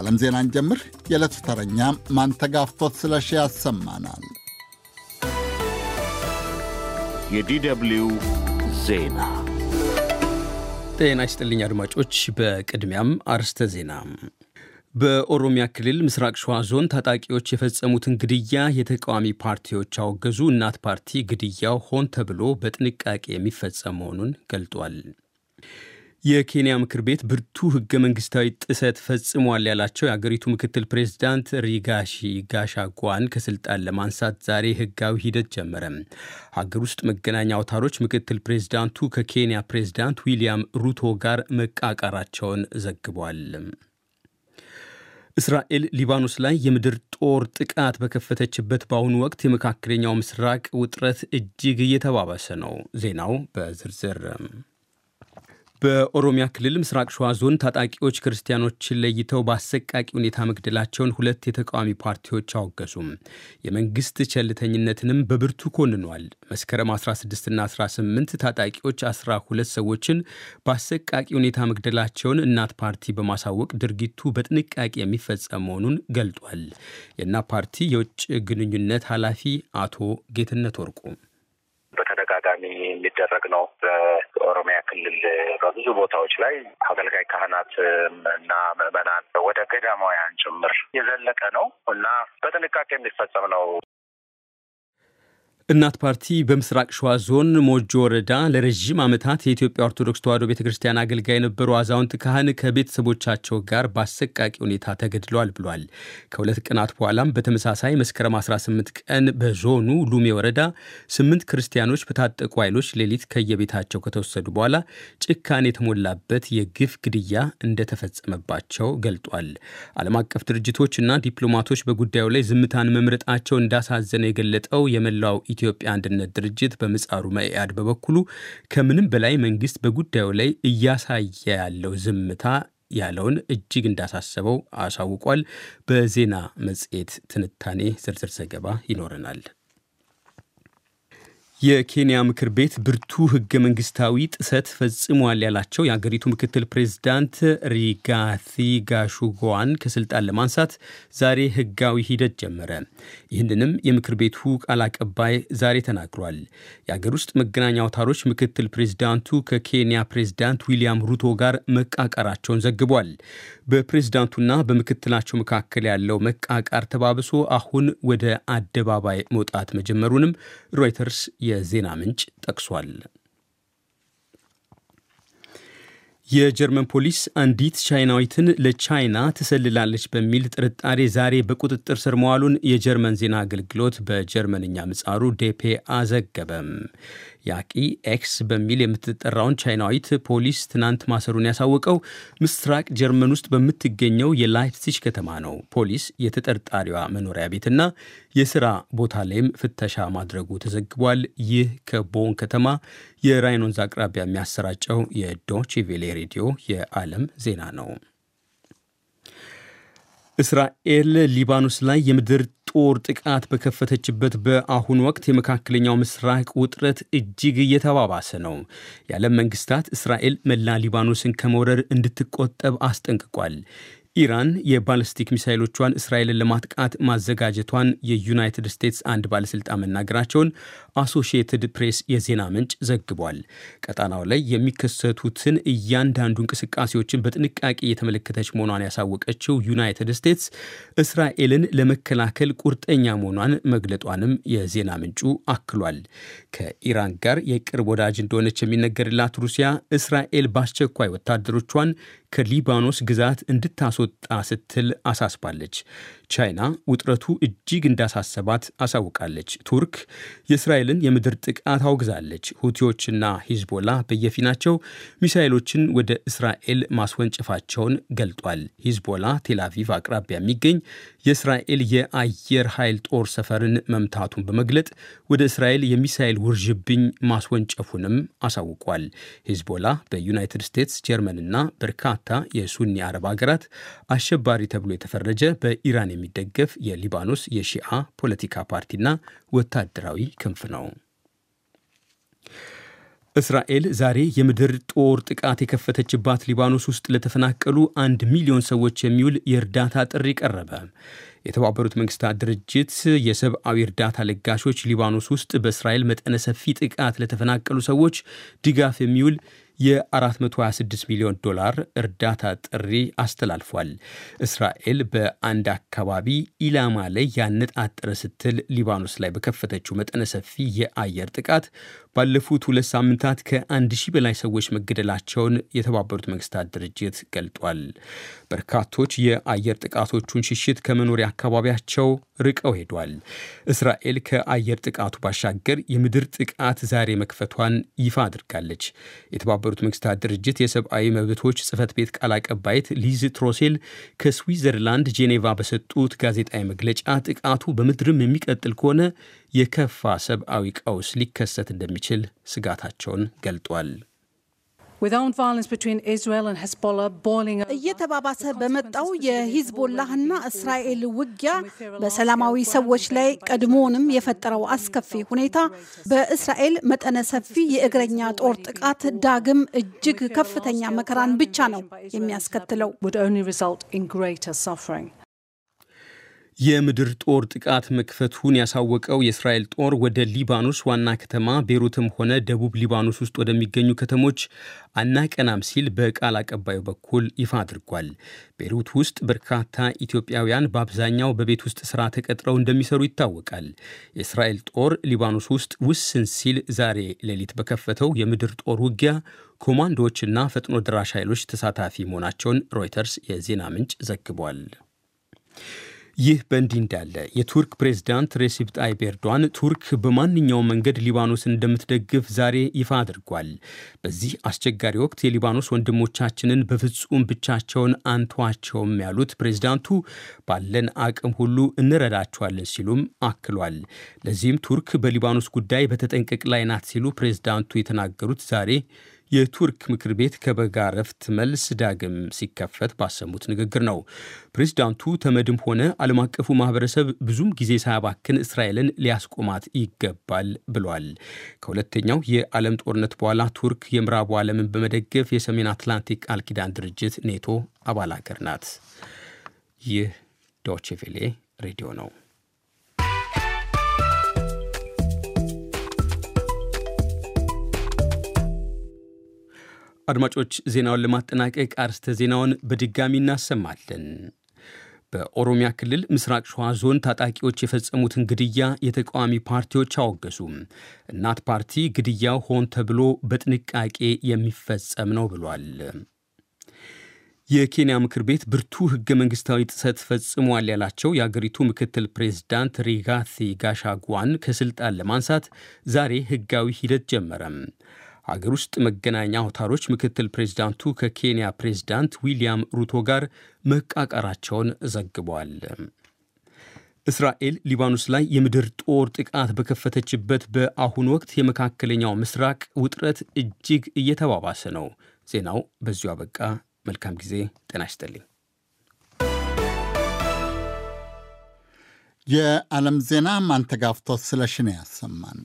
ከዓለም ዜና እንጀምር። የዕለቱ ተረኛ ማንተጋፍቶት ስለሺ ያሰማናል። የዲደብሊው ዜና ጤና ይስጥልኝ አድማጮች። በቅድሚያም አርስተ ዜና በኦሮሚያ ክልል ምስራቅ ሸዋ ዞን ታጣቂዎች የፈጸሙትን ግድያ የተቃዋሚ ፓርቲዎች አወገዙ። እናት ፓርቲ ግድያው ሆን ተብሎ በጥንቃቄ የሚፈጸም መሆኑን ገልጧል። የኬንያ ምክር ቤት ብርቱ ህገ መንግስታዊ ጥሰት ፈጽሟል ያላቸው የአገሪቱ ምክትል ፕሬዝዳንት ሪጋሺ ጋሻጓን ከስልጣን ለማንሳት ዛሬ ህጋዊ ሂደት ጀመረ። ሀገር ውስጥ መገናኛ አውታሮች ምክትል ፕሬዝዳንቱ ከኬንያ ፕሬዝዳንት ዊሊያም ሩቶ ጋር መቃቀራቸውን ዘግቧል። እስራኤል ሊባኖስ ላይ የምድር ጦር ጥቃት በከፈተችበት በአሁኑ ወቅት የመካከለኛው ምስራቅ ውጥረት እጅግ እየተባባሰ ነው። ዜናው በዝርዝር በኦሮሚያ ክልል ምስራቅ ሸዋ ዞን ታጣቂዎች ክርስቲያኖችን ለይተው በአሰቃቂ ሁኔታ መግደላቸውን ሁለት የተቃዋሚ ፓርቲዎች አወገዙም። የመንግስት ቸልተኝነትንም በብርቱ ኮንኗል። መስከረም 16ና 18 ታጣቂዎች 12 ሰዎችን በአሰቃቂ ሁኔታ መግደላቸውን እናት ፓርቲ በማሳወቅ ድርጊቱ በጥንቃቄ የሚፈጸም መሆኑን ገልጧል። የእናት ፓርቲ የውጭ ግንኙነት ኃላፊ አቶ ጌትነት ወርቁ በተደጋጋሚ የሚደረግ ነው በብዙ ቦታዎች ላይ አገልጋይ ካህናት እና ምዕመናን ወደ ገዳማውያን ጭምር የዘለቀ ነው እና በጥንቃቄ የሚፈጸም ነው እናት ፓርቲ በምስራቅ ሸዋ ዞን ሞጆ ወረዳ ለረዥም ዓመታት የኢትዮጵያ ኦርቶዶክስ ተዋሕዶ ቤተ ክርስቲያን አገልጋይ የነበሩ አዛውንት ካህን ከቤተሰቦቻቸው ጋር በአሰቃቂ ሁኔታ ተገድለዋል ብሏል። ከሁለት ቀናት በኋላም በተመሳሳይ መስከረም 18 ቀን በዞኑ ሉሜ ወረዳ ስምንት ክርስቲያኖች በታጠቁ ኃይሎች ሌሊት ከየቤታቸው ከተወሰዱ በኋላ ጭካኔ የተሞላበት የግፍ ግድያ እንደተፈጸመባቸው ገልጧል። ዓለም አቀፍ ድርጅቶችና ዲፕሎማቶች በጉዳዩ ላይ ዝምታን መምረጣቸው እንዳሳዘነ የገለጠው የመላው የኢትዮጵያ አንድነት ድርጅት በምጻሩ መኢአድ በበኩሉ ከምንም በላይ መንግስት በጉዳዩ ላይ እያሳየ ያለው ዝምታ ያለውን እጅግ እንዳሳሰበው አሳውቋል። በዜና መጽሔት ትንታኔ ዝርዝር ዘገባ ይኖረናል። የኬንያ ምክር ቤት ብርቱ ህገ መንግስታዊ ጥሰት ፈጽሟል ያላቸው የአገሪቱ ምክትል ፕሬዝዳንት ሪጋቲ ጋሹጎዋን ከስልጣን ለማንሳት ዛሬ ህጋዊ ሂደት ጀመረ። ይህንንም የምክር ቤቱ ቃል አቀባይ ዛሬ ተናግሯል። የአገር ውስጥ መገናኛ አውታሮች ምክትል ፕሬዝዳንቱ ከኬንያ ፕሬዝዳንት ዊልያም ሩቶ ጋር መቃቃራቸውን ዘግቧል። በፕሬዝዳንቱና በምክትላቸው መካከል ያለው መቃቃር ተባብሶ አሁን ወደ አደባባይ መውጣት መጀመሩንም ሮይተርስ የዜና ምንጭ ጠቅሷል። የጀርመን ፖሊስ አንዲት ቻይናዊትን ለቻይና ትሰልላለች በሚል ጥርጣሬ ዛሬ በቁጥጥር ስር መዋሉን የጀርመን ዜና አገልግሎት በጀርመንኛ ምጻሩ ዴፔ አዘገበም። ያቂ ኤክስ በሚል የምትጠራውን ቻይናዊት ፖሊስ ትናንት ማሰሩን ያሳወቀው ምስራቅ ጀርመን ውስጥ በምትገኘው የላይፕሲች ከተማ ነው። ፖሊስ የተጠርጣሪዋ መኖሪያ ቤትና የስራ ቦታ ላይም ፍተሻ ማድረጉ ተዘግቧል። ይህ ከቦን ከተማ የራይን ወንዝ አቅራቢያ የሚያሰራጨው የዶች ቬሌ ሬዲዮ የዓለም ዜና ነው። እስራኤል ሊባኖስ ላይ የምድር ጦር ጥቃት በከፈተችበት በአሁኑ ወቅት የመካከለኛው ምስራቅ ውጥረት እጅግ እየተባባሰ ነው። የዓለም መንግስታት እስራኤል መላ ሊባኖስን ከመውረር እንድትቆጠብ አስጠንቅቋል። ኢራን የባለስቲክ ሚሳይሎቿን እስራኤልን ለማጥቃት ማዘጋጀቷን የዩናይትድ ስቴትስ አንድ ባለሥልጣን መናገራቸውን አሶሺየትድ ፕሬስ የዜና ምንጭ ዘግቧል። ቀጣናው ላይ የሚከሰቱትን እያንዳንዱ እንቅስቃሴዎችን በጥንቃቄ የተመለከተች መሆኗን ያሳወቀችው ዩናይትድ ስቴትስ እስራኤልን ለመከላከል ቁርጠኛ መሆኗን መግለጧንም የዜና ምንጩ አክሏል። ከኢራን ጋር የቅርብ ወዳጅ እንደሆነች የሚነገርላት ሩሲያ እስራኤል በአስቸኳይ ወታደሮቿን ከሊባኖስ ግዛት እንድታስወጣ ስትል አሳስባለች። ቻይና ውጥረቱ እጅግ እንዳሳሰባት አሳውቃለች። ቱርክ የእስራኤልን የምድር ጥቃት አውግዛለች። ሁቲዎችና ሂዝቦላ በየፊናቸው ሚሳይሎችን ወደ እስራኤል ማስወንጨፋቸውን ገልጧል። ሂዝቦላ ቴላቪቭ አቅራቢያ የሚገኝ የእስራኤል የአየር ኃይል ጦር ሰፈርን መምታቱን በመግለጥ ወደ እስራኤል የሚሳይል ውርዥብኝ ማስወንጨፉንም አሳውቋል። ሂዝቦላ በዩናይትድ ስቴትስ፣ ጀርመንና በርካታ የሱኒ አረብ ሀገራት አሸባሪ ተብሎ የተፈረጀ በኢራን የሚደገፍ የሊባኖስ የሺአ ፖለቲካ ፓርቲና ወታደራዊ ክንፍ ነው። እስራኤል ዛሬ የምድር ጦር ጥቃት የከፈተችባት ሊባኖስ ውስጥ ለተፈናቀሉ አንድ ሚሊዮን ሰዎች የሚውል የእርዳታ ጥሪ ቀረበ። የተባበሩት መንግስታት ድርጅት የሰብአዊ እርዳታ ለጋሾች ሊባኖስ ውስጥ በእስራኤል መጠነ ሰፊ ጥቃት ለተፈናቀሉ ሰዎች ድጋፍ የሚውል የ426 ሚሊዮን ዶላር እርዳታ ጥሪ አስተላልፏል። እስራኤል በአንድ አካባቢ ኢላማ ላይ ያነጣጠረ ስትል ሊባኖስ ላይ በከፈተችው መጠነ ሰፊ የአየር ጥቃት ባለፉት ሁለት ሳምንታት ከአንድ ሺህ በላይ ሰዎች መገደላቸውን የተባበሩት መንግስታት ድርጅት ገልጧል። በርካቶች የአየር ጥቃቶቹን ሽሽት ከመኖሪያ አካባቢያቸው ርቀው ሄዷል። እስራኤል ከአየር ጥቃቱ ባሻገር የምድር ጥቃት ዛሬ መክፈቷን ይፋ አድርጋለች። የተባበሩት መንግስታት ድርጅት የሰብአዊ መብቶች ጽህፈት ቤት ቃል አቀባይት ሊዝ ትሮሴል ከስዊዘርላንድ ጄኔቫ በሰጡት ጋዜጣዊ መግለጫ ጥቃቱ በምድርም የሚቀጥል ከሆነ የከፋ ሰብአዊ ቀውስ ሊከሰት እንደሚችል ስጋታቸውን ገልጧል። እየተባባሰ በመጣው የሂዝቦላህና እስራኤል ውጊያ በሰላማዊ ሰዎች ላይ ቀድሞውንም የፈጠረው አስከፊ ሁኔታ በእስራኤል መጠነ ሰፊ የእግረኛ ጦር ጥቃት ዳግም እጅግ ከፍተኛ መከራን ብቻ ነው የሚያስከትለው። የምድር ጦር ጥቃት መክፈቱን ያሳወቀው የእስራኤል ጦር ወደ ሊባኖስ ዋና ከተማ ቤሩትም ሆነ ደቡብ ሊባኖስ ውስጥ ወደሚገኙ ከተሞች አናቀናም ሲል በቃል አቀባዩ በኩል ይፋ አድርጓል። ቤሩት ውስጥ በርካታ ኢትዮጵያውያን በአብዛኛው በቤት ውስጥ ስራ ተቀጥረው እንደሚሰሩ ይታወቃል። የእስራኤል ጦር ሊባኖስ ውስጥ ውስን ሲል ዛሬ ሌሊት በከፈተው የምድር ጦር ውጊያ ኮማንዶዎችና ፈጥኖ ድራሽ ኃይሎች ተሳታፊ መሆናቸውን ሮይተርስ የዜና ምንጭ ዘግቧል። ይህ በእንዲህ እንዳለ የቱርክ ፕሬዝዳንት ሬሲፕ ጣይፕ ኤርዶዋን ቱርክ በማንኛውም መንገድ ሊባኖስ እንደምትደግፍ ዛሬ ይፋ አድርጓል። በዚህ አስቸጋሪ ወቅት የሊባኖስ ወንድሞቻችንን በፍጹም ብቻቸውን አንተዋቸውም ያሉት ፕሬዝዳንቱ ባለን አቅም ሁሉ እንረዳቸዋለን ሲሉም አክሏል። ለዚህም ቱርክ በሊባኖስ ጉዳይ በተጠንቀቅ ላይ ናት ሲሉ ፕሬዝዳንቱ የተናገሩት ዛሬ የቱርክ ምክር ቤት ከበጋ ረፍት መልስ ዳግም ሲከፈት ባሰሙት ንግግር ነው። ፕሬዚዳንቱ ተመድም ሆነ ዓለም አቀፉ ማህበረሰብ ብዙም ጊዜ ሳያባክን እስራኤልን ሊያስቆማት ይገባል ብሏል። ከሁለተኛው የዓለም ጦርነት በኋላ ቱርክ የምዕራቡ ዓለምን በመደገፍ የሰሜን አትላንቲክ ቃል ኪዳን ድርጅት ኔቶ አባል ሀገር ናት። ይህ ዶችቬሌ ሬዲዮ ነው። አድማጮች፣ ዜናውን ለማጠናቀቅ አርስተ ዜናውን በድጋሚ እናሰማለን። በኦሮሚያ ክልል ምስራቅ ሸዋ ዞን ታጣቂዎች የፈጸሙትን ግድያ የተቃዋሚ ፓርቲዎች አወገዙ። እናት ፓርቲ ግድያው ሆን ተብሎ በጥንቃቄ የሚፈጸም ነው ብሏል። የኬንያ ምክር ቤት ብርቱ ህገ መንግስታዊ ጥሰት ፈጽሟል ያላቸው የአገሪቱ ምክትል ፕሬዝዳንት ሪጋቲ ጋሻጓን ከስልጣን ለማንሳት ዛሬ ህጋዊ ሂደት ጀመረም። አገር ውስጥ መገናኛ አውታሮች ምክትል ፕሬዚዳንቱ ከኬንያ ፕሬዚዳንት ዊልያም ሩቶ ጋር መቃቀራቸውን ዘግቧል። እስራኤል ሊባኖስ ላይ የምድር ጦር ጥቃት በከፈተችበት በአሁኑ ወቅት የመካከለኛው ምስራቅ ውጥረት እጅግ እየተባባሰ ነው። ዜናው በዚሁ አበቃ። መልካም ጊዜ። ጤና ይስጥልኝ። የዓለም ዜና ማንተጋፍቶት ስለሽን ያሰማን።